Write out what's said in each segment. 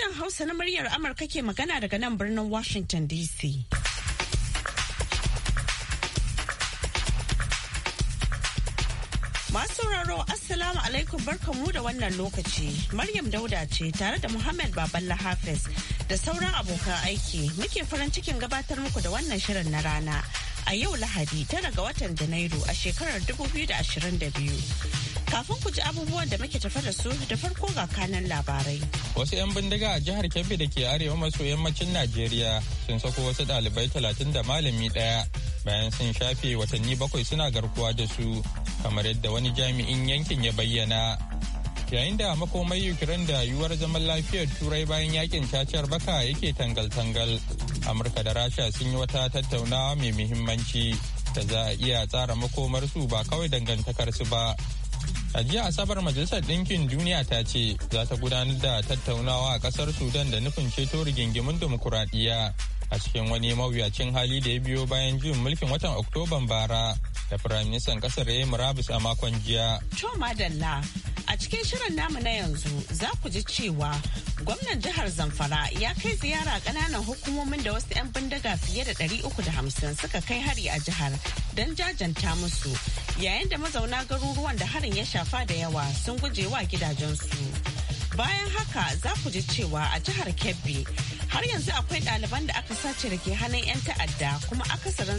Sashen Hausa na muryar Amurka ke magana daga nan birnin Washington DC. Masu sauraro Assalamu alaikum barkanmu da wannan lokaci. Maryam Dauda ce tare da Muhammad Baballa Hafiz da sauran abokan aiki muke farin cikin gabatar muku da wannan shirin na rana. A yau Lahadi tara ga watan Janairu a shekarar 2022. Kafin ku ji abubuwan da muke tafa da su da farko ga kanan labarai. Wasu 'yan bindiga a jihar Kebbi da ke arewa maso yammacin Najeriya sun sako wasu ɗalibai talatin da malami ɗaya bayan sun shafe watanni bakwai suna garkuwa da su kamar yadda wani jami'in yankin ya bayyana. Yayin da makomai Ukraine da yiwuwar zaman lafiyar Turai bayan yakin cacar baka yake tangal-tangal, Amurka da Rasha sun yi wata tattaunawa mai muhimmanci da za a iya tsara makomarsu ba kawai dangantakarsu ba a jiya asabar majalisar ɗinkin duniya ta ce za ta gudanar da tattaunawa a ƙasar sudan da nufin ceto rigingimin dimokuraɗiyya a cikin wani mawuyacin hali da ya biyo bayan jin mulkin watan oktoban bara da firaministan ƙasar ya yi murabus a makon jiya. to madalla a cikin shirin namu na yanzu za ku ji cewa gwamnan jihar zamfara ya kai ziyara ƙananan hukumomin da wasu 'yan bindiga fiye da 350 suka kai hari a jihar don jajanta musu yayin da mazauna garuruwan da harin ya shafa da yawa sun guje wa gidajensu. Bayan haka za ku ji cewa a jihar Kebbi har yanzu akwai ɗaliban da aka sace da ke hannun 'yan ta'adda kuma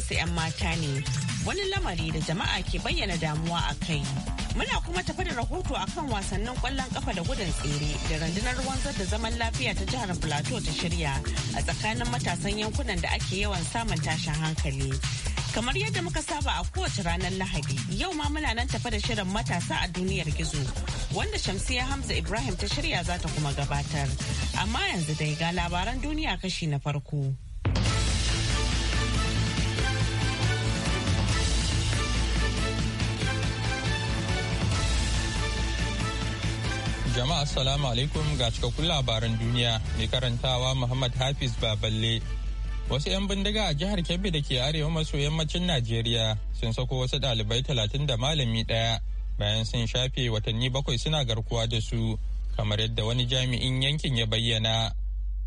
su 'yan mata ne. Wani lamari da jama'a ke bayyana damuwa a kai. Muna kuma tafi da rahoto a kan wasannin kwallon kafa da gudun tsere da rundunar ruwan da zaman lafiya ta jihar Plateau ta shirya a tsakanin matasan yankunan da ake yawan samun tashin hankali. Kamar yadda muka saba a kowace ranar Lahadi, yau ma muna nan tafa da shirin matasa a duniyar gizo, wanda Shamsiya Hamza Ibrahim ta shirya za ta kuma gabatar. Amma yanzu dai ga labaran duniya kashi na farko. Jama'a Assalamu alaikum ga cikakkun labaran duniya mai karantawa Muhammad Hafiz Baballe. Wasu 'yan bindiga a jihar Kebbi da ke arewa maso yammacin Najeriya sun sako wasu ɗalibai talatin da malami ɗaya bayan sun shafe watanni bakwai suna garkuwa da su kamar yadda wani jami'in yankin ya bayyana.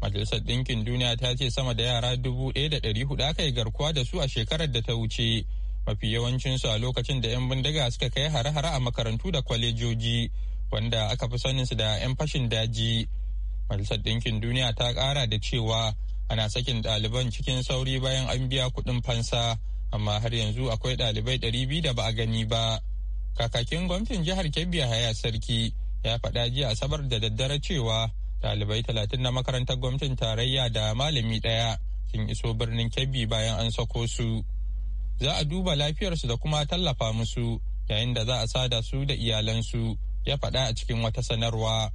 Majalisar Ɗinkin Duniya ta ce sama da yara dubu ɗaya da ɗari hudu aka yi garkuwa da su a shekarar da ta wuce. Mafi yawancinsu a lokacin da 'yan bindiga suka kai hare-hare a makarantu da kwalejoji wanda aka fi sanin su da 'yan fashin daji. Majalisar Ɗinkin Duniya ta ƙara da cewa ana sakin ɗaliban cikin sauri bayan an biya kuɗin fansa amma har yanzu akwai ɗalibai ɗari biyu da ba a gani ba kakakin gwamnatin jihar kebbi haya sarki ya faɗa jiya asabar da daddare cewa ɗalibai talatin na makarantar gwamnatin tarayya da malami ɗaya sun iso birnin kebbi bayan an sako su za a duba lafiyarsu da kuma tallafa musu yayin da za a sada su da iyalansu ya faɗa a cikin wata sanarwa.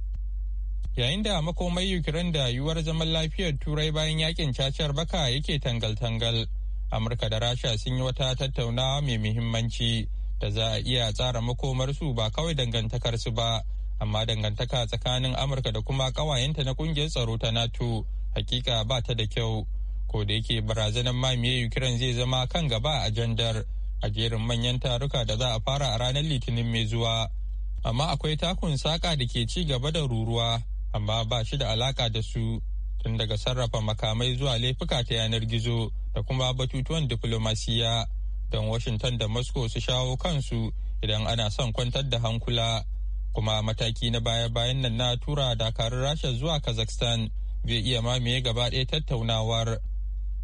yayin da makomai ukraine da yiwuwar zaman lafiyar turai bayan yakin cacar baka yake tangal-tangal amurka da rasha sun yi wata tattaunawa mai muhimmanci da za a iya tsara makomarsu ba kawai dangantakar su ba amma dangantaka tsakanin amurka da kuma kawayenta na kungiyar tsaro ta nato hakika ba ta da kyau ko da yake barazanar mamiye ukraine zai zama kan gaba a jandar a jerin manyan taruka da za a fara a ranar litinin mai zuwa amma akwai takun saka da ke ci gaba da ruruwa amma ba shi da alaka da su tun daga sarrafa makamai zuwa laifuka ta yanar gizo da kuma batutuwan diflomasiya don washington da moscow su shawo kansu idan ana son kwantar da hankula kuma mataki na baya-bayan nan na tura dakarun rasha zuwa kazakhstan zai iya mamaye gaba ɗaya tattaunawar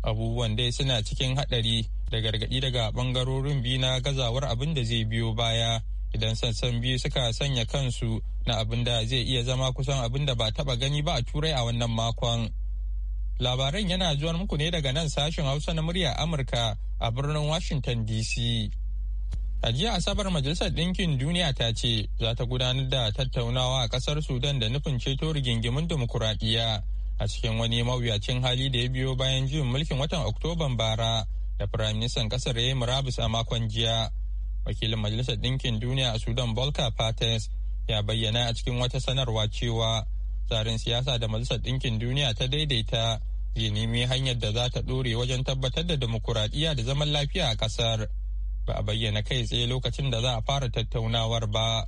abubuwan dai suna cikin haɗari da gargaɗi daga ɓangarorin biyu na gazawar abin da zai biyo baya idan sansan biyu suka sanya kansu na abin da zai iya zama kusan abin da ba taba gani ba a turai a wannan makon. Labaran yana zuwar muku ne daga nan sashen Hausa na murya Amurka a birnin Washington DC. A jiya Asabar Majalisar Ɗinkin Duniya ta ce za ta gudanar da tattaunawa a ƙasar Sudan da nufin ceto rigingimin dimokuraɗiyya a cikin wani mawuyacin hali da ya biyo bayan juyin mulkin watan Oktoban bara da Firaministan ƙasar ya yi murabus a makon jiya. Wakilin Majalisar Ɗinkin Duniya a Sudan Volker Pates ya bayyana a cikin wata sanarwa cewa tsarin siyasa da majalisar ɗinkin duniya ta daidaita zai nemi hanyar da za ta ɗore wajen tabbatar da demokuraɗiyya da zaman lafiya a ƙasar ba a bayyana kai tsaye lokacin da za a fara tattaunawar ba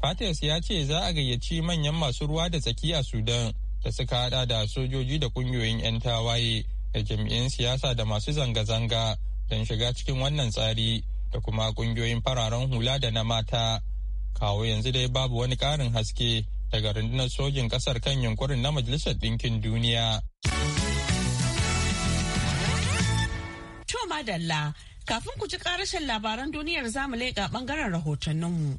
fates ya ce za a gayyaci manyan masu ruwa da tsaki a sudan da suka hada da sojoji da ƙungiyoyin 'yan tawaye da jami'in siyasa da masu zanga-zanga don shiga cikin wannan tsari da kuma ƙungiyoyin fararen hula da na mata kawo yanzu dai babu wani karin haske daga rundunar sojin kasar kan yunkurin na majalisar ɗinkin duniya. To madalla kafin ku ji ƙarashin labaran duniyar zamu leƙa ɓangaren rahotanninmu.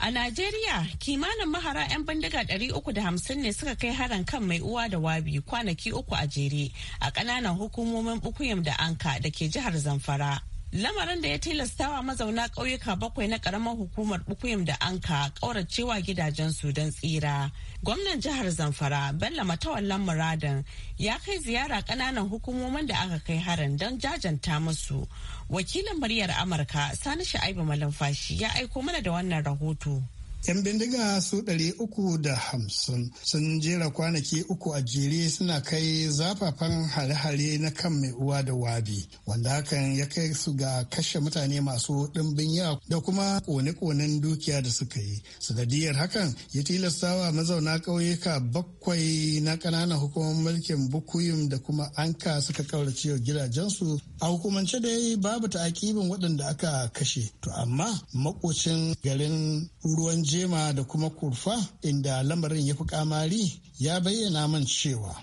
A Najeriya, kimanin mahara 'yan bindiga 350 ne suka kai haran kan mai uwa da wabi kwanaki uku a jere a ƙananan hukumomin Bukuyam da Anka da ke jihar Zamfara. lamarin da ya tilastawa mazauna ƙauyuka bakwai na ƙaramar hukumar bukuyim da anka ƙauracewa su don tsira gwamnan jihar zamfara bello matawallan muradin ya kai ziyara ƙananan hukumomin da aka kai harin don jajanta musu wakilin muryar amurka sani sha'ibu malumfashi ya aiko mana da wannan rahoto 'Yan bindiga su ɗari uku da hamsin sun jera kwanaki uku a jere suna kai zafafan hare-hare na kan mai uwa da wabi wanda hakan ya kai su ga kashe mutane masu ɗimbin yawa da kuma kone-konen dukiya da suka yi. Sanadiyar hakan ya tilastawa mazauna ƙauyuka bakwai na ƙananan hukumar mulkin Bukuyum da kuma Anka suka kaurace gidajensu. A hukumance dai babu ta'akibin waɗanda aka kashe. To amma maƙocin garin ruwan jema da kuma kurfa inda lamarin ya fi kamari ya bayyana man cewa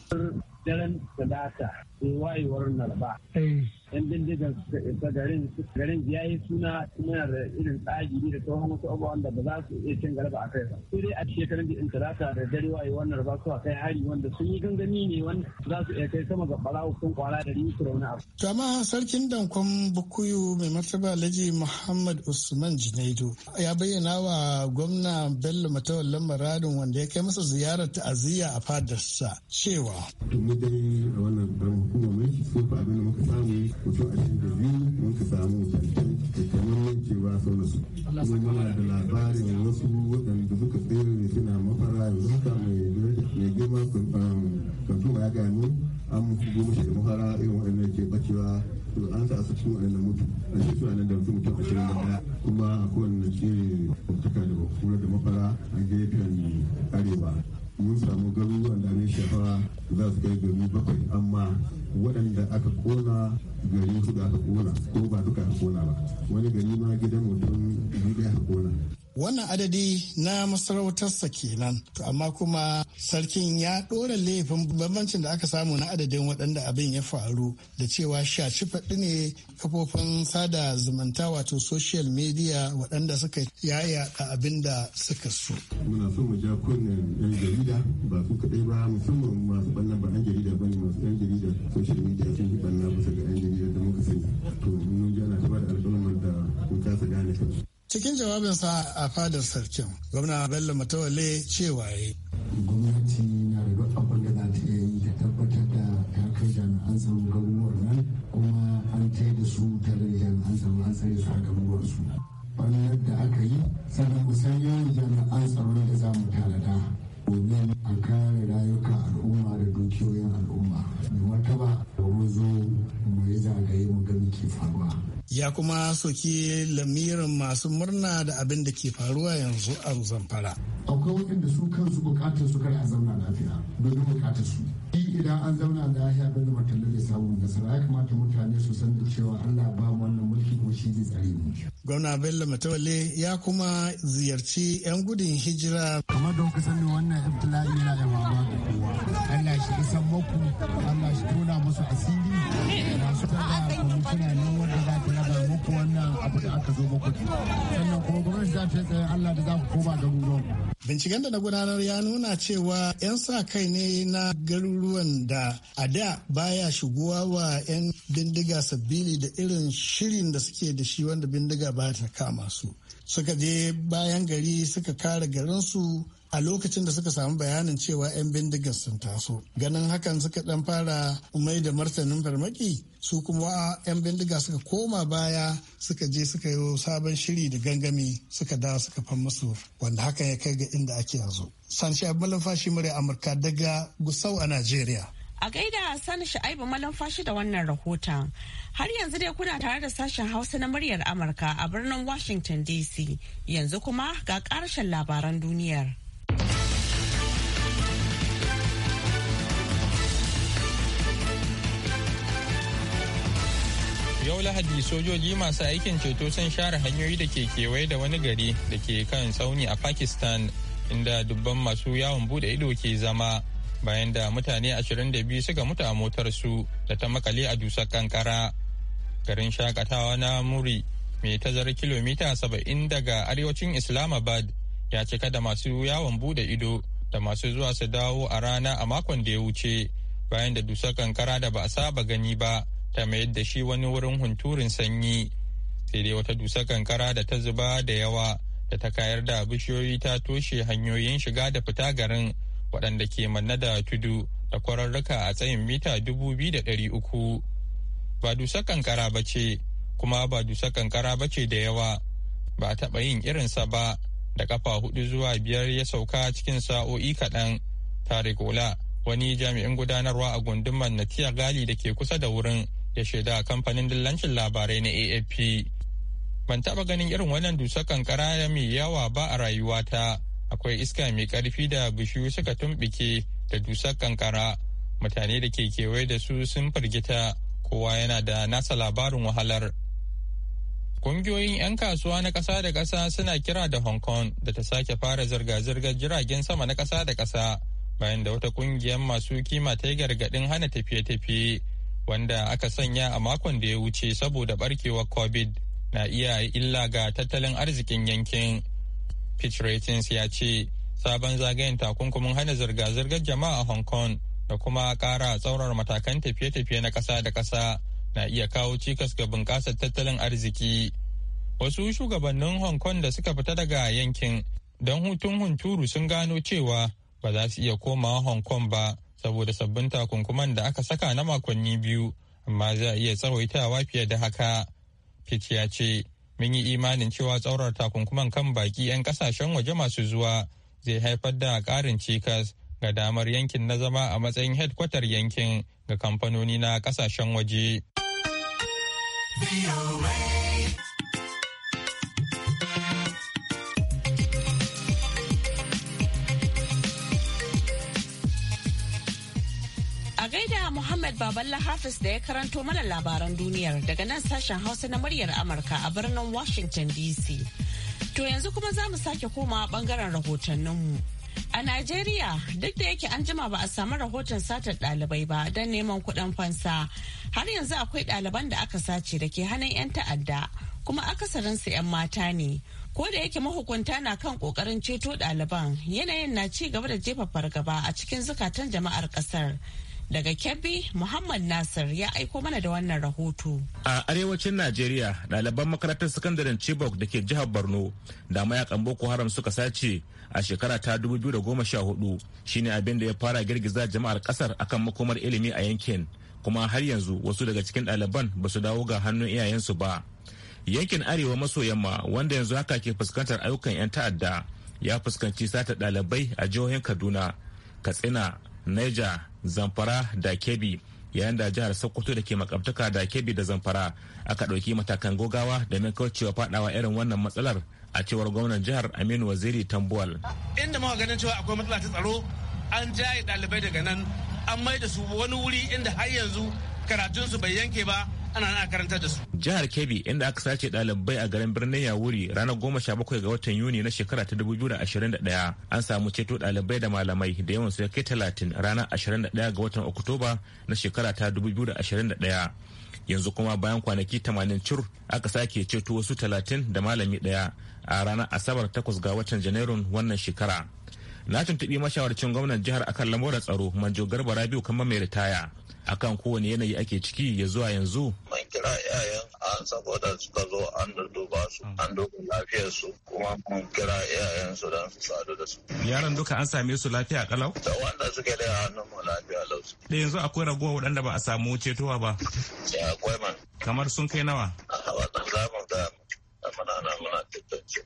daren talata wayewar narba eh. yan bindigar ta garin garin ya yi suna suna da irin tsagi ne da tsohon wasu abubuwan da ba za su iya cin galaba a kai ba sai dai a shekarun da talata da dare wayewar narba ba a kai hari wanda sun yi gangami ne wanda za su iya kai sama ga barawo sun kwara da rinsu da abu. jama'a sarkin dankon bukuyu mai martaba alhaji muhammad usman junaidu ya bayyana wa gwamna bello matawallan maradin wanda ya kai masa ziyarar ta'aziyya a fadarsa cewa. tuni dai a wannan kuma mun shi abin da muka samu mutum ashirin da biyu mun ka samu da kamar cewa su kuma muna da labarin wasu waɗanda suka tsere suna mafara yanzu haka mai girma um, ya gano an mutu goma shi da mafara irin waɗanda ke bacewa to an sa su cikin waɗanda mutu shi da mutum mutum ashirin da ɗaya kuma a kowane ce da da mafara a gefen arewa mun samu garuruwan da ne shafara za su kai gari bakwai amma waɗanda aka kona gari su da aka kona ko ba duka aka kona ba wani gari ma gidan mutum biyu aka kona wannan adadi na masarautarsa kenan to amma kuma sarkin ya ɗora laifin bambancin da aka samu na adadin waɗanda abin ya faru da cewa shaci faɗi ne kafofin sada zumunta wato social media waɗanda suka yaya a abin da suka so. muna so mu ja kunnen yan jarida ba su kaɗai ba musamman masu ɓannan ba yan jarida ba ne masu yan jarida social media sun yi ɓanna cikin jawabinsa a fadar sarkin gwamna bello matawale cewa ya gwamnati na da duk abin da za ta iya yi ta tabbatar da ta kai jami'an tsaron garuruwar nan kuma an tai da su tare da jami'an tsaron an tsare su a garuruwar kuma soki lamirin masu murna da abin da ke faruwa yanzu a zamfara. akwai waɗanda su kansu bukatar su kar a zauna lafiya domin bukatar su idan an zauna lafiya bai da matalla zai samu nasara ya kamata mutane su san da cewa Allah ba mu wannan mulki ko shi zai tsare mu gwamna bello Matawale ya kuma ziyarci yan gudun hijira kamar da kuka sani wannan ibtila'i yana da mama da kowa Allah shi isan muku Allah shi tona musu asiri masu tada kuma kuna nan wanda za ta muku wannan abu da aka zo muku sannan kuma gwamnati za ta tsaye Allah da za ku koma garuruwan binciken da na gudanar ya nuna cewa 'yan sa kai ne na garuruwan da a da baya shigowa wa 'yan bindiga sabili da irin shirin da suke da shi wanda bindiga ba ta kama su suka je bayan gari suka kare garinsu a lokacin da suka samu bayanin cewa 'yan bindigar sun taso ganin hakan suka dan fara mai da martanin farmaki su kuma 'yan bindiga suka koma baya suka je suka yi sabon shiri da gangami suka da suka fan musu wanda hakan ya kai ga inda ake yanzu sanshi murya amurka daga gusau a najeriya A gaida sani sha'ibu malamfashi da wannan rahoton. Har yanzu dai kuna tare da sashen Hausa na muryar Amurka a birnin Washington DC. Yanzu kuma ga ƙarshen labaran duniyar. yau lahadi sojoji masu aikin ceto sun share hanyoyi da ke kewaye da wani gari da ke kan tsauni a pakistan inda dubban masu yawon bude ido ke zama bayan da mutane 22 suka mutu a motarsu da ta makale a dusar kankara garin shakatawa na muri mai tazarar kilomita 70 daga arewacin islamabad ya cika da masu yawon bude ido da masu zuwa su dawo a rana a makon da ya wuce bayan da dusar kankara da ba a saba gani ba ta mayar da shi wani wurin hunturin sanyi sai dai wata dusa kankara da ta zuba da yawa da ta kayar da bishiyoyi ta toshe hanyoyin shiga da fita garin waɗanda ke manna da tudu da kwararruka a tsayin mita dubu biyu da ɗari uku ba dusar kankara ba ce kuma ba dusar kankara ba ce da yawa ba a taɓa yin irinsa ba da kafa hudu zuwa biyar ya sauka cikin sa'o'i kaɗan tare gola wani jami'in gudanarwa a gundumar tiya gali da ke kusa da wurin ya shaida a kamfanin dillancin labarai na afp ban taɓa ganin irin wannan dusar kankara ya mai yawa ba a rayuwata akwai iska mai ƙarfi da bishiyu suka tumbike da dusar kankara mutane da ke kewaye da su sun firgita kowa yana da nasa labarin wahalar ƙungiyoyin 'yan kasuwa na ƙasa da ƙasa suna kira da Hong Kong da ta sake fara zirga-zirgar jiragen sama na ƙasa da ƙasa bayan da wata ƙungiyar masu kima ta yi gargaɗin hana tafiye-tafiye wanda aka sanya a makon da ya wuce saboda barkewar covid na iya illa ga tattalin arzikin yankin pitch ratings ya ce sabon zagayen takunkumin hana zirga-zirgar jama'a a hong kong da kuma kara tsaurar matakan tafiye-tafiye na ƙasa da ƙasa na iya kawo cikas ga bunƙasar tattalin arziki wasu shugabannin hong kong da suka fita daga yankin don hutun hunturu sun gano cewa ba za su iya komawa hong kong ba saboda sabbin takunkuman da aka saka na makonni biyu amma za a iya tsawaitawa fiye da haka Pitt ya ce mun yi imanin cewa tsaurar takunkuman kan baki 'yan kasashen waje masu zuwa zai haifar da ƙarin cikas ga damar yankin na zama a matsayin hedkwatar yankin ga kamfanoni na ƙasashen waje. Muhammad Baballa Hafiz da ya karanto mana labaran duniyar daga nan sashen Hausa na muryar Amurka a birnin Washington DC. To yanzu kuma za mu sake komawa bangaren rahotanninmu. A Najeriya duk da yake an jima ba a samu rahoton satar ɗalibai ba don neman kuɗin fansa. Har yanzu akwai ɗaliban da aka sace da ke hannun 'yan ta'adda kuma akasarin su 'yan mata ne. Ko da yake mahukunta na kan ƙoƙarin ceto ɗaliban yanayin na ci gaba da jefa fargaba a cikin zukatan jama'ar ƙasar. Daga Kebbi, Muhammad Nasir ya aiko mana da wannan rahoto. A arewacin Najeriya, ɗaliban makarantar sakandaren Chibok da ke jihar Borno da mayakan Boko Haram suka sace a shekara ta 2014 shine abin da ya fara girgiza jama'ar ƙasar akan makomar ilimi a yankin. Kuma har yanzu wasu daga cikin ɗaliban ba su dawo ga hannun iyayensu ba. Yankin Arewa maso yamma wanda yanzu haka ke fuskantar ayyukan 'yan ta'adda ya fuskanci sata ɗalibai a jihohin Kaduna, Katsina, Niger, zamfara da kebi yayin da jihar sokoto da ke makabtaka da kebbi da zamfara aka ɗauki matakan gogawa da domin kaucewa faɗawa irin wannan matsalar a cewar gwamnan jihar aminu waziri tambuwal inda muka ganin cewa akwai matsala ta tsaro an jaye ɗalibai daga nan an mai da su wani wuri inda har yanzu karatunsu bai yanke ba ana na karanta da su. Jihar Kebbi inda aka sace ɗalibai a garin birnin Yawuri ranar goma sha bakwai ga watan Yuni na shekara ta dubu biyu da ashirin da ɗaya an samu ceto ɗalibai da malamai da yawan su ya kai talatin ranar ashirin da ɗaya ga watan Oktoba na shekara ta dubu biyu da ashirin da ɗaya. Yanzu kuma bayan kwanaki tamanin cur aka sake ceto wasu talatin da malami ɗaya a ranar Asabar takwas ga watan Janairun wannan shekara. Na tuntuɓi mashawarcin gwamnan jihar akan lamuran tsaro Manjo Garba Rabiu kan mai ritaya. akan kowane yanayi ake ciki ya zuwa yanzu mun kira iyayen an saboda suka zo an duba su hmm. an duba lafiyar su kuma mun kira iyayen su don su sadu da su yaran duka an same su lafiya kalau da wanda suke da hannun mu lafiya lau da yanzu akwai ragowa waɗanda ba a samu cetowa ba Ya akwai man kamar sun kai nawa a wannan zamu mana na muna tattance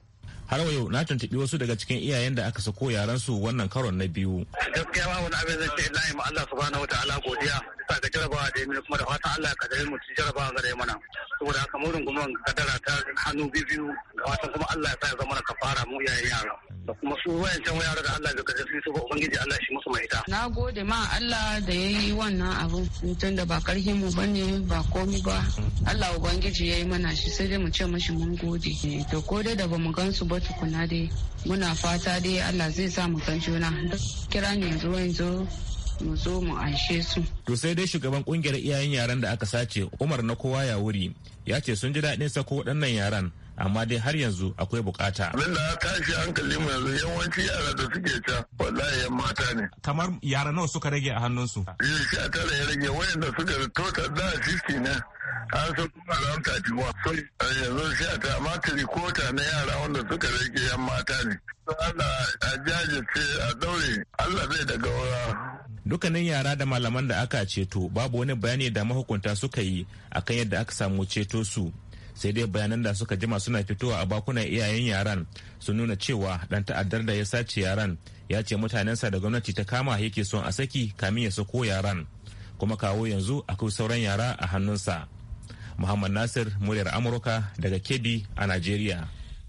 har yau na tuntuɓi wasu daga cikin iyayen da aka sako yaran su wannan karon na biyu gaskiya ba wani abin zai ce illa ma Allah subhanahu ta'ala godiya sa ga jarabawa da yamin kuma da fatan Allah ya kaddare mu jarabawa ga dai mana saboda haka mu rungumin kaddara ta hannu biyu da fatan kuma Allah ya sa ya zama kafara mu iyayen yara da kuma su can yara da Allah ya kaddare su ba ubangiji Allah shi musu mai ta. na gode ma Allah da yayi wannan abu tun da ba karhin mu bane ba komi ba Allah ubangiji yayi mana shi sai dai mu ce mashi mun gode to ko dai da bamu gansu ba tukuna dai muna fata dai allah zai sa mu san juna kira ne yanzu yanzu mu zo mu anshe su. To sai dai shugaban kungiyar iyayen yaran da aka sace Umar na kowa ya wuri ya ce sun ji daɗin sako waɗannan yaran amma dai har yanzu akwai bukata. Abin da ya tashi hankali mu yanzu yawanci yara da suke can wallahi yan mata ne. Kamar yara nawa suka rage a hannunsu. Yau eh, sha tara ya rage wayanda suka total da 50 ne. an san kuma da ran tafiwa sai yanzu sai a tama kota na yara wanda suka rage yan mata ne Allah a jajirce a daure Allah bai daga wura dukkanin yara da malaman da aka ceto babu wani bayani da mahukunta suka yi akan yadda aka samu ceto su sai dai bayanan da suka jima suna fitowa a bakunan iyayen yaran sun nuna cewa dan ta'addar da ya sace yaran ya ce mutanensa da gwamnati ta kama yake son a saki kamin ya sako yaran kuma kawo yanzu akwai sauran yara a hannunsa muhammad nasir muryar amurka daga kebbi a najeriya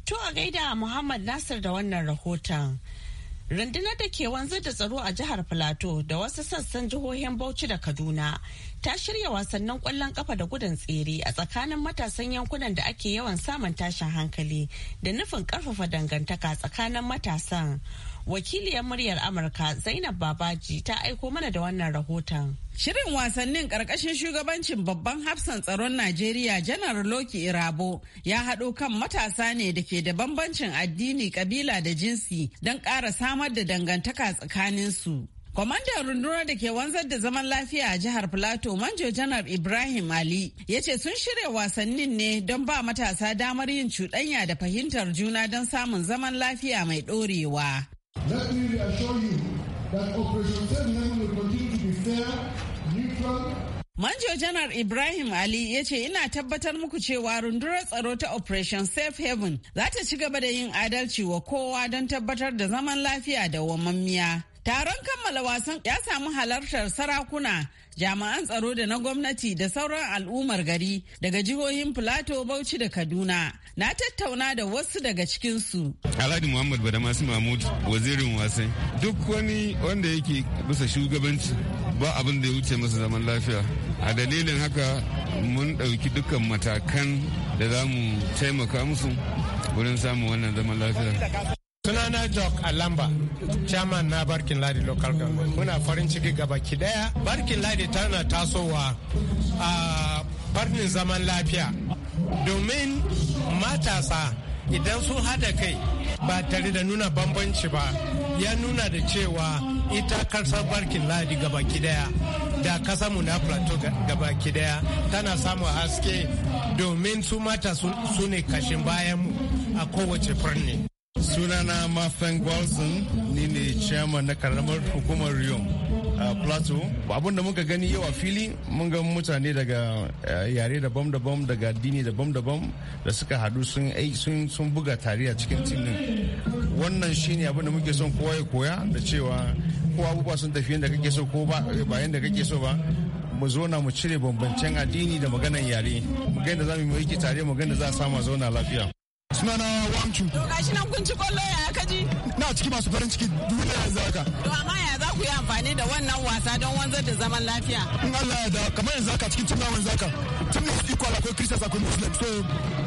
to a gaida muhammad nasir da wannan rahoton Rundunar da ke wanzar da tsaro a jihar Filato da wasu sassan jihohin Bauchi da Kaduna ta shirya wasannin kwallon kafa da gudun tsere a tsakanin matasan yankunan da ake yawan samun tashin hankali da nufin karfafa dangantaka tsakanin matasan. wakiliyar muryar amurka zainab babaji ta aiko mana da wannan rahoton shirin wasannin karkashin shugabancin babban hafsan tsaron najeriya janar loki irabo ya haɗo kan matasa ne da ke da bambancin addini kabila da jinsi don ƙara samar da dangantaka tsakaninsu Kwamandan rundunar da ke wanzar da zaman lafiya a jihar Filato Manjo Janar Ibrahim Ali ya ce sun shirya wasannin ne don ba matasa damar yin cuɗanya da fahimtar juna don samun zaman lafiya mai ɗorewa. Let me reassure you that Operation Safe Haven will continue to be fair, neutral, Manjo Janar Ibrahim Ali ya ce ina tabbatar muku cewa rundunar tsaro ta Operation Safe Haven za ta ci gaba da yin adalci wa kowa don tabbatar da zaman lafiya da wamammiya. Taron kammala wasan ya samu halartar sarakuna, jami'an tsaro da na gwamnati da sauran al'ummar gari daga jihohin Filato, Bauchi da Kaduna. Na tattauna da wasu daga cikinsu. Alhaji Muhammad Badamasu Mahmud wazirin wasai. Duk wani wanda yake bisa shugabanci ba abin da ya wuce masa zaman lafiya. A dalilin haka mun ɗauki dukkan matakan da za mu taimaka musu wurin samun wannan zaman lafiya. sunana jock alamba chairman na barkin ladi local government muna farin ciki gabaki daya barkin ladi tana tasowa a farnin zaman lafiya domin matasa idan sun hada kai ba tare da nuna bambanci ba ya nuna da cewa ita kasar barkin ladi gabaki daya da mu na plateau gabaki daya tana samun haske domin su mata su ne kashin bayanmu a kowace farni sunana mafen gwalson ni ne chairman na karamar hukumar riom a uh, plateau abinda muka gani yau a fili mun ga mutane daga uh, yare daban-daban daga addini daban-daban da suka hadu sun buga tare a cikin tinin wannan shine abinda muke son kowa ya koya da cewa ko abubuwa sun tafi yadda kake so ko ba yadda kake so ba mu zauna mu cire bambancen addini da maganan yare mu ga yadda za mu yi tare mu ga yadda za a samu zauna lafiya sunana wamcu to gashi nan kun ci kwallo ya kaji na ciki masu farin ciki duniya yanzu haka to amma ya ku yi amfani da wannan wasa don wanzar da zaman lafiya. In Allah ya da kamar yanzu haka cikin tunawan zaka tun da su iko akwai Christians akwai Muslims so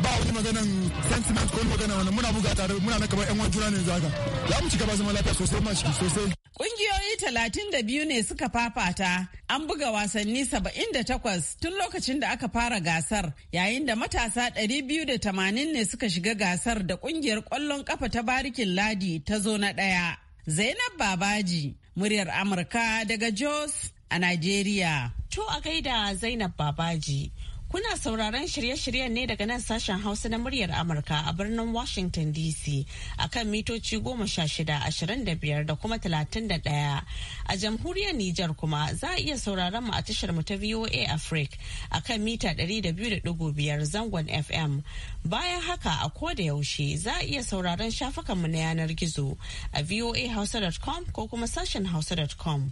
ba wani maganan sentiment ko magana wannan muna buga tare muna nan kamar yan wani juna ne yanzu haka. Za mu ci gaba zaman lafiya sosai ma shi sosai. Kungiyoyi talatin da biyu ne suka fafata an buga wasanni saba'in da takwas tun lokacin da aka fara gasar yayin da matasa ɗari biyu da tamanin ne suka shiga gasar da kungiyar ƙwallon ƙafa ta barikin ladi ta zo na ɗaya. Zainab Babaji muryar Amurka daga Jos a Najeriya. To a gaida Zainab Babaji. Kuna sauraron shirye-shiryen ne daga nan sashen Hausa na muryar Amurka a birnin Washington DC a kan mitoci goma sha shida ashirin da biyar da kuma talatin da ɗaya. A jamhuriyar Nijar kuma za a iya sauraron mu a tashar mu ta VOA Africa a kan mita ɗari da biyu da ɗigo biyar zangon FM. Bayan haka a ko da yaushe za a iya sauraron shafukan mu na yanar gizo a voahausa.com ko kuma sashen hausa.com.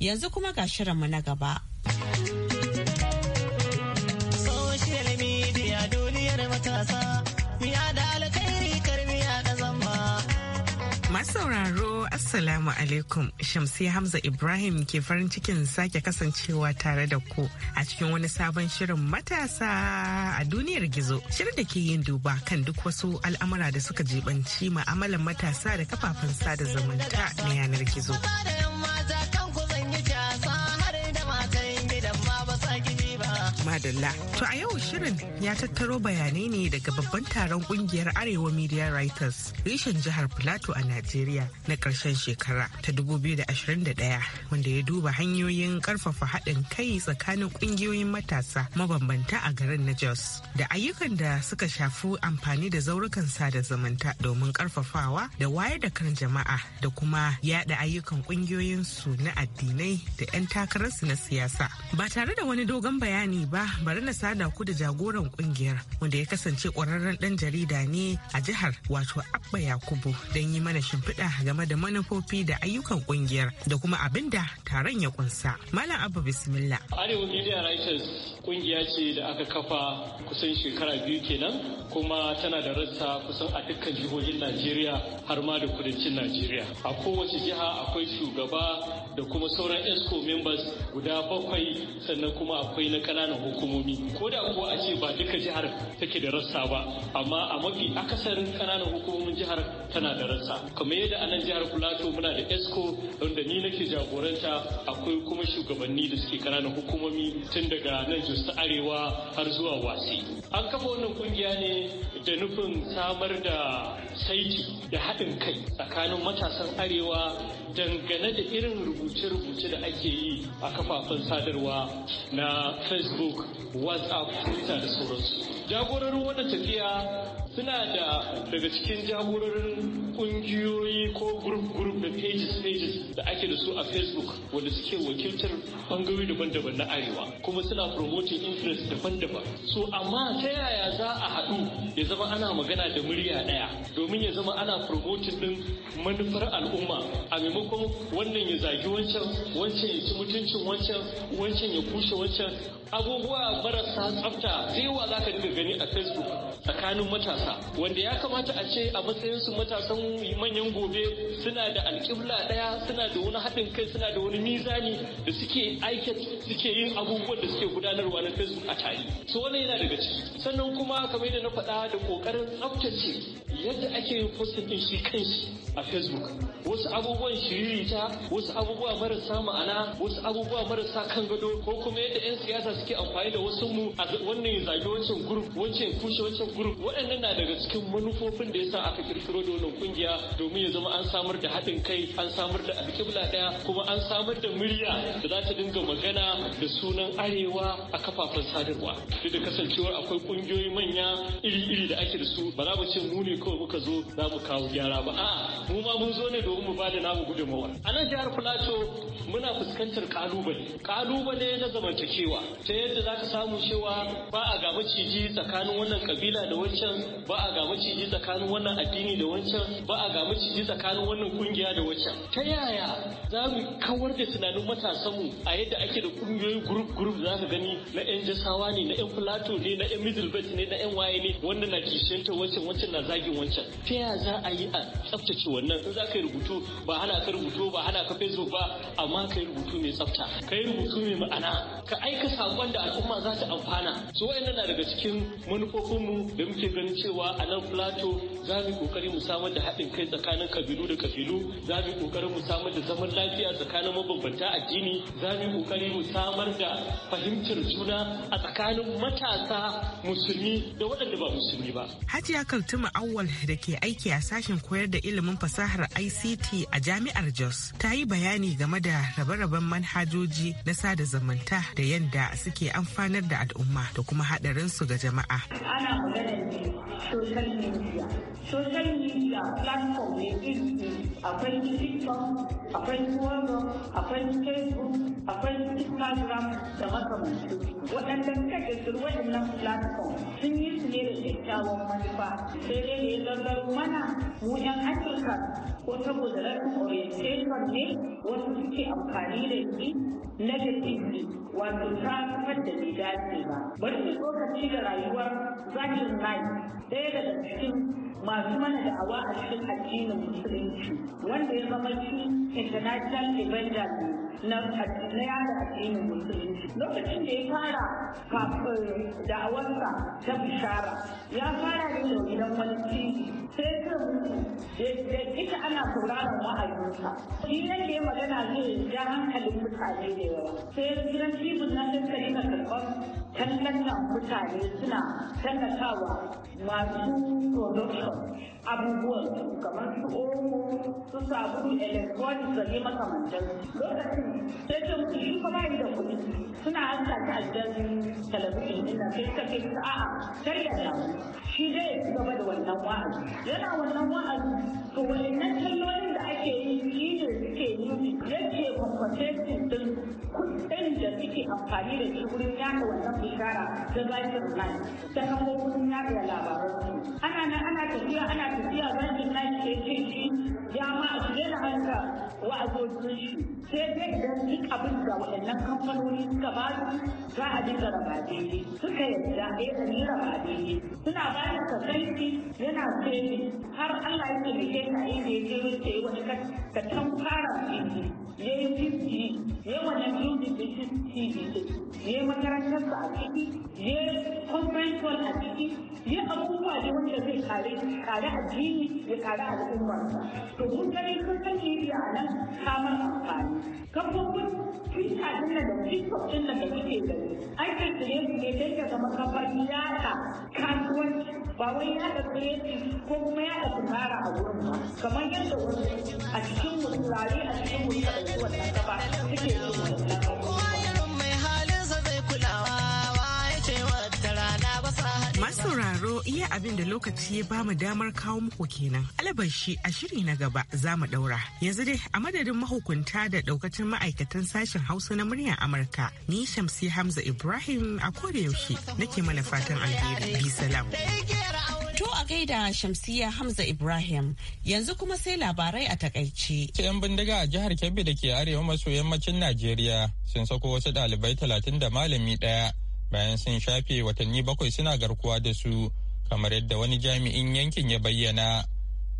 Yanzu kuma ga shirin mu na gaba. sauraro Assalamu alaikum Shamsi Hamza Ibrahim ke farin cikin sake kasancewa tare da ku a cikin wani sabon shirin matasa a duniyar gizo. Shirin da ke yin duba kan duk wasu al'amura da suka jibanci ma'amalan matasa da kafafen sada zumunta na yanar gizo. Adalla. To a yau shirin ya tattaro bayanai ne daga babban taron kungiyar Arewa Media Writers reshen jihar Filato a Najeriya na ƙarshen shekara ta 2021 wanda ya duba hanyoyin ƙarfafa haɗin kai tsakanin ƙungiyoyin matasa mabambanta a garin na Jos da ayyukan da suka shafi amfani da zaurukan da zumunta domin ƙarfafawa da wayar da kan jama'a da kuma yaɗa ayyukan ƙungiyoyinsu na addinai da 'yan takararsu na siyasa. Ba tare da wani dogon bayani ba bari na sada ku da jagoran kungiyar wanda ya kasance kwararren dan jarida ne a jihar wato abba yakubu don yi mana shimfiɗa game da manufofi da ayyukan kungiyar da kuma abin da taron ya kunsa malam abba bismillah arewa media writers kungiya ce da aka kafa kusan shekara biyu kenan kuma tana da rassa kusan a dukkan jihohin najeriya har ma da kudancin najeriya a kowace jiha akwai shugaba da kuma sauran esco members guda bakwai sannan kuma akwai na kananan hukumomi ko da kuwa a ce ba duka jihar take da rassa ba amma a mafi akasarin ƙananan hukumomin jihar tana da rassa kamar yadda anan jihar plateau muna da esco wanda ni nake jagoranta akwai kuma shugabanni da suke kananan hukumomi tun daga nan jos ta arewa har zuwa wasi an kafa wannan kungiya ne da nufin samar da saiti da haɗin kai tsakanin matasan arewa dangane da irin rubuce-rubuce da ake yi a kafafen sadarwa na facebook whatsapp twitter da sauransu jagororin wannan tafiya suna da daga cikin jagororin kungiyoyi ko group group da pages pages da ake da su a facebook wanda suke wakiltar bangarori daban-daban na arewa kuma suna promoting interest daban-daban so amma ta yaya za a haɗu ya zama ana magana da murya ɗaya domin ya zama ana promoting din manufar al'umma a maimakon wannan ya zagi wancan wancan ya ci mutuncin wancan wancan ya kushe wancan abubuwa marasa tsafta sai wa za ka dinga gani a facebook tsakanin matasa wanda ya kamata a ce a matsayin su matasan manyan gobe suna da alƙibla ɗaya suna da wani haɗin kai suna da wani mizani da suke aiki suke yin abubuwan da suke gudanarwa na facebook a tare so wannan yana daga ciki sannan kuma kamar yadda na faɗa da ƙoƙarin tsaftace yadda ake yin din shi kanshi a facebook wasu abubuwan shiririta wasu abubuwa marasa ma'ana wasu abubuwa marasa kan gado ko kuma yadda 'yan siyasa suke amfani da wasu mu a wannan ya zagi wancan gurup wancan kushe wancan gurup waɗannan na daga cikin manufofin da ya sa aka kirkiro da wannan kungiya domin ya zama an samar da haɗin kai an samar da alƙibla ɗaya kuma an samar da murya da za ta dinga magana da sunan arewa a kafafen sadarwa duk da kasancewar akwai ƙungiyoyi manya iri-iri da ake da su ba za mu ce mu ne kawai kuka muka zo za mu kawo gyara ba a'a mu ma mun zo ne domin mu bada namu gudunmawa a nan jihar filato muna fuskantar kalubale kalubale na zamantakewa ta yadda za ka samu cewa ba a ga maciji tsakanin wannan kabila da wancan ba a ga maciji tsakanin wannan addini da wancan ba a ga maciji tsakanin wannan kungiya da wancan ta yaya za mu kawar da tunanin matasanmu a yadda ake da kungiyoyi group group za ka gani na yan jasawa ne na yan filato ne na yan middle ne na yan waye ne wanda na kishiyanta wancan wancan na zagin wancan ta ya za a yi a tsaftace wannan in za ka yi rubutu ba hana ka rubutu ba hana ka facebook ba amma ka yi rubutu mai tsafta ka yi rubutu mai ma'ana ka aika sakon da al'umma za ta amfana su wayannan na daga cikin manufofinmu da muke ganin cewa a nan plateau za mu kokari mu samar da haɗin kai tsakanin kabilu da kabilu za mu kokari mu samar da zaman lafiya tsakanin mabambanta addini za mu kokari mu samar da fahimtar juna a tsakanin matasa musulmi da waɗanda ba musulmi ba hajiya kaltuma awwal Paul da ke aiki a sashen koyar da ilimin fasahar ICT a Jami'ar Jos ta yi bayani game da rabe-raben manhajoji na sada zamanta da yadda suke amfanar da al'umma da kuma haɗarinsu ga jama'a. Ana maganar social media. Social media platform ne akwai TikTok, akwai Twitter, akwai Facebook, akwai Instagram da makamantu. Waɗannan kaɗe waɗannan platform sun yi su ne da kyakkyawan manufa. Sai dai ya gangaro mana mu yan afirka ko saboda orientation ne wasu suke amfani da shi negatively wato ta kafar da bai dace ba bari mu tsokaci da rayuwar zahirin rai ɗaya daga cikin masu mana da'awa a cikin addinin musulunci wanda ya zama shi international evangelist na yada addinin musulunci lokacin da ya fara kafin da'awarsa ta bishara ya fara da yau gidan wani sai kan da ita ana sauraron wa'ayinsa shi ne ya magana zai ja hankalin mutane da yawa sai gidan cibin na sai ka karɓar tallan nan mutane suna tallatawa masu production abubuwan kamar su omo su sabu electronics da ne makamantar lokacin sai ce musu shi kuma yi da kuɗi suna hanta ta ajiyar talabijin din nan sai ce su a'a karya da shi dai ya gaba da wannan wa'azi yana wannan wa'azi to wannan tallolin da ake yi shi ne suke yi yake kwakwatesin din sani da suke amfani da shi wurin yaɗa wannan bishara da zafin online ta kafofin yaɗa labaran ana nan ana tafiya ana tafiya zafin online ke ce shi ya ma a shirya da hanta wa'azozin shi sai dai idan duk abin da waɗannan kamfanoni suka ba za a dinga raba daidai suka yarda ya ɗani raba daidai suna ba da yana sai har Allah ya tsaye ka inda ya je wuce wani ka tan fara ya yi fifty ya wannan music da shi tv ya yi makarantarsa a ciki ya yi conference a ciki ya abubuwa da wanda zai kare kare addini ya kare al'ummarsa to mun gani social media a nan kamar amfani kafofin twitter din nan da tiktok din nan da kuke gani an kirkire su ne don ya zama kafar yada kasuwanci ba wai ya da kuleti ko kuma ya da a wurin ba kamar yadda wasu a cikin musulare a cikin musulare wannan gaba suke yin wannan To iya abin da lokaci ya bamu damar kawo muku kenan. Alabashi a shiri na gaba za mu daura. Yanzu dai a madadin mahukunta da daukacin ma'aikatan sashen Hausa na muryar Amurka. Ni Shamsi Hamza Ibrahim a koda yaushe nake mana fatan alheri. Bi salam. To a gaida Shamsiya Hamza Ibrahim yanzu kuma sai labarai a takaice. Yan bindiga a jihar Kebbi da ke arewa maso yammacin Najeriya sun sako wasu ɗalibai talatin da malami ɗaya bayan sun shafe watanni bakwai suna garkuwa da su kamar yadda wani jami'in yankin ya bayyana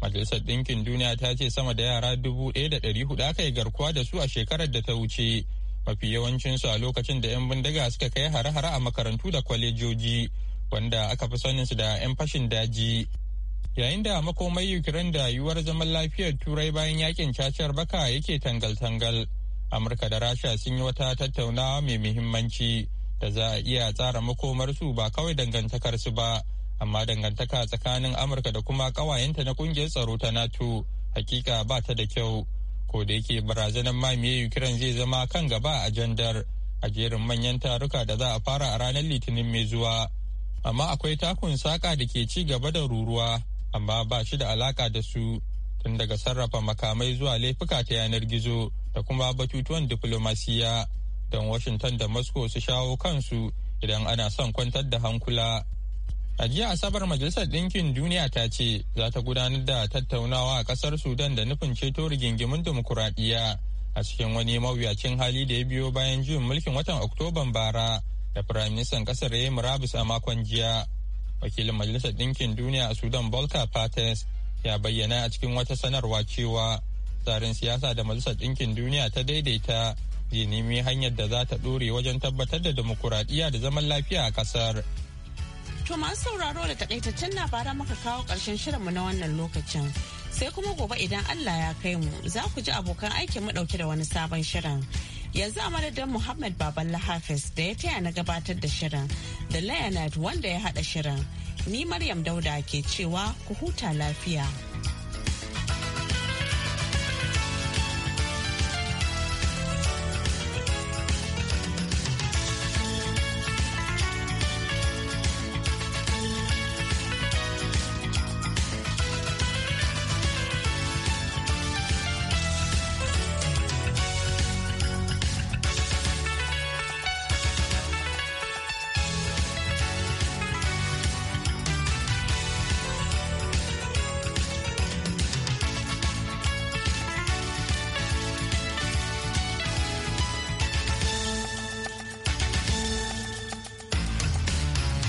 majalisar ɗinkin duniya ta ce sama da yara dubu ɗaya da ɗari hudu aka yi garkuwa da su a shekarar da ta wuce mafi yawancinsu a lokacin da 'yan bindiga suka kai hare-hare a makarantu da kwalejoji wanda aka fi saninsu da 'yan fashin daji yayin da makomai ukraine da yiwuwar zaman lafiyar turai bayan yakin cacar baka yake tangal-tangal amurka da rasha sun yi wata tattaunawa mai muhimmanci da za a iya tsara makomarsu ba kawai dangantakarsu ba amma dangantaka tsakanin amurka da kuma ƙawayenta na ƙungiyar tsaro ta nato hakika ba ta da kyau ko da yake barazanar mamiya ukraine zai zama kan gaba a ajandar a jerin manyan taruka da za a fara a ranar litinin mai zuwa amma akwai takun saƙa da ke ci gaba da ruruwa amma ba shi da alaka da su tun daga sarrafa makamai zuwa laifuka ta yanar gizo da kuma batutuwan diflomasiya don washington da moscow su shawo kansu idan ana son kwantar da hankula A jiya Asabar Majalisar Ɗinkin Duniya ta ce za ta gudanar da tattaunawa a ƙasar Sudan da nufin ceto rigingimin dimokuraɗiyya a cikin wani mawuyacin hali da ya biyo bayan juyin mulkin watan Oktoban bara da Firaministan ƙasar ya yi murabus a makon jiya. Wakilin Majalisar Ɗinkin Duniya a Sudan Volker Pates ya bayyana a cikin wata sanarwa cewa tsarin siyasa da Majalisar Ɗinkin Duniya ta daidaita zai nemi hanyar da za ta ɗore wajen tabbatar da dimokuraɗiyya da zaman lafiya a ƙasar. To masu sauraro da takaitaccen labaran muka kawo ƙarshen shirinmu na wannan lokacin. Sai kuma gobe idan Allah ya kai mu za ku ji abokan aikin mu ɗauke da wani sabon shirin. Yanzu a madadin Muhammad Baballa Hafiz da ya taya na gabatar da shirin da Leonard wanda ya haɗa shirin. Ni Maryam Dauda ke cewa ku huta lafiya.